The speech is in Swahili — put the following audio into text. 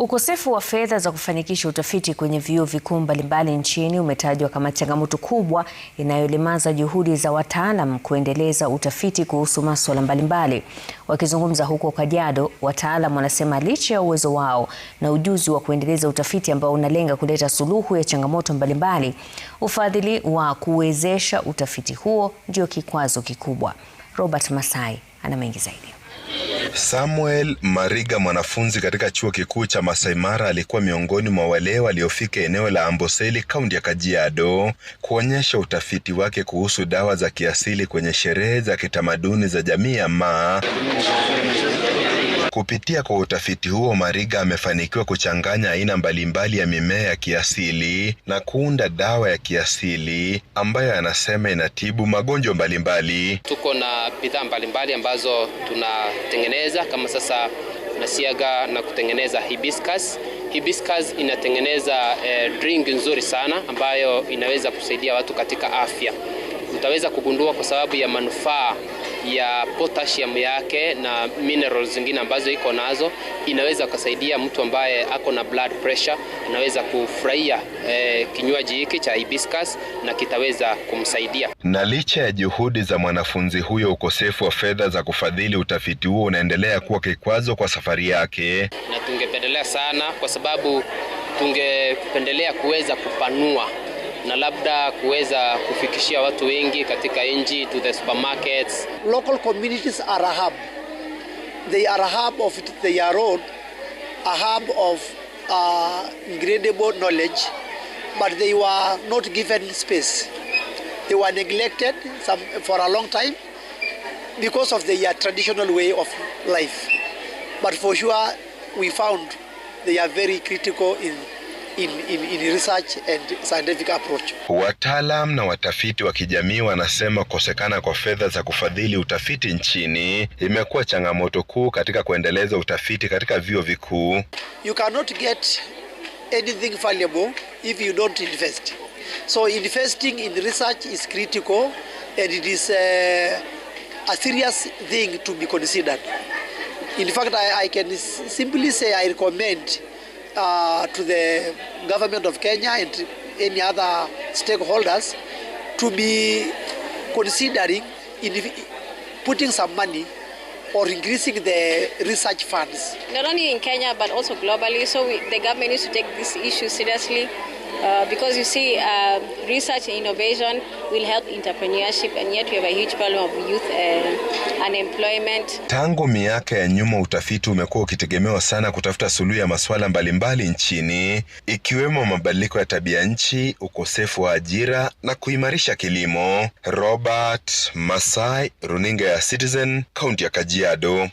Ukosefu wa fedha za kufanikisha utafiti kwenye vyuo vikuu mbalimbali nchini umetajwa kama changamoto kubwa inayolemaza juhudi za wataalam kuendeleza utafiti kuhusu masuala mbalimbali. Wakizungumza huko Kajiado, wataalam wanasema licha ya uwezo wao na ujuzi wa kuendeleza utafiti ambao unalenga kuleta suluhu ya changamoto mbalimbali, ufadhili wa kuwezesha utafiti huo ndio kikwazo kikubwa. Robert Masai ana mengi zaidi. Samuel Mariga, mwanafunzi katika chuo kikuu cha Masai Mara, alikuwa miongoni mwa wale waliofika eneo la Amboseli, kaunti ya Kajiado, kuonyesha utafiti wake kuhusu dawa za kiasili kwenye sherehe za kitamaduni za jamii ya Maa. Kupitia kwa utafiti huo, Mariga amefanikiwa kuchanganya aina mbalimbali ya mimea ya kiasili na kuunda dawa ya kiasili ambayo anasema inatibu magonjwa mbalimbali. Tuko na bidhaa mbalimbali ambazo tunatengeneza kama sasa nasiaga na kutengeneza hibiscus. Hibiscus inatengeneza eh, drink nzuri sana ambayo inaweza kusaidia watu katika afya. Utaweza kugundua kwa sababu ya manufaa ya potassium yake na minerals zingine ambazo iko nazo, inaweza kusaidia mtu ambaye ako na blood pressure, anaweza kufurahia eh, kinywaji hiki cha hibiscus na kitaweza kumsaidia. Na licha ya juhudi za mwanafunzi huyo, ukosefu wa fedha za kufadhili utafiti huo unaendelea kuwa kikwazo kwa safari yake, na tungependelea sana, kwa sababu tungependelea kuweza kupanua na labda kuweza kufikishia watu wengi katika nji to the supermarkets. Local communities are a hub. They are a hub of their road, a hub of uh, incredible knowledge, but they were not given space. They were neglected some, for a long time because of their traditional way of life. But for sure, we found they are very critical in in, in, in research and scientific approach. Wataalam na watafiti wa kijamii wanasema kukosekana kwa fedha za kufadhili utafiti nchini imekuwa changamoto kuu katika kuendeleza utafiti katika vyuo vikuu. You cannot get anything valuable if you don't invest. So investing in research is critical and it is a, uh, a serious thing to be considered. In fact, I, I can simply say I recommend uh, to the government of Kenya and any other stakeholders to be considering in putting some money or increasing the research funds. Not only in Kenya but also globally, so we, the government needs to take this issue seriously Uh, because you see uh, research and innovation will help entrepreneurship and yet we have a huge problem of youth uh, unemployment. Tangu miaka ya nyuma utafiti umekuwa ukitegemewa sana kutafuta suluhu ya masuala mbalimbali nchini ikiwemo mabadiliko ya tabia nchi, ukosefu wa ajira na kuimarisha kilimo. Robert Masai, Runinga ya Citizen, kaunti ya Kajiado.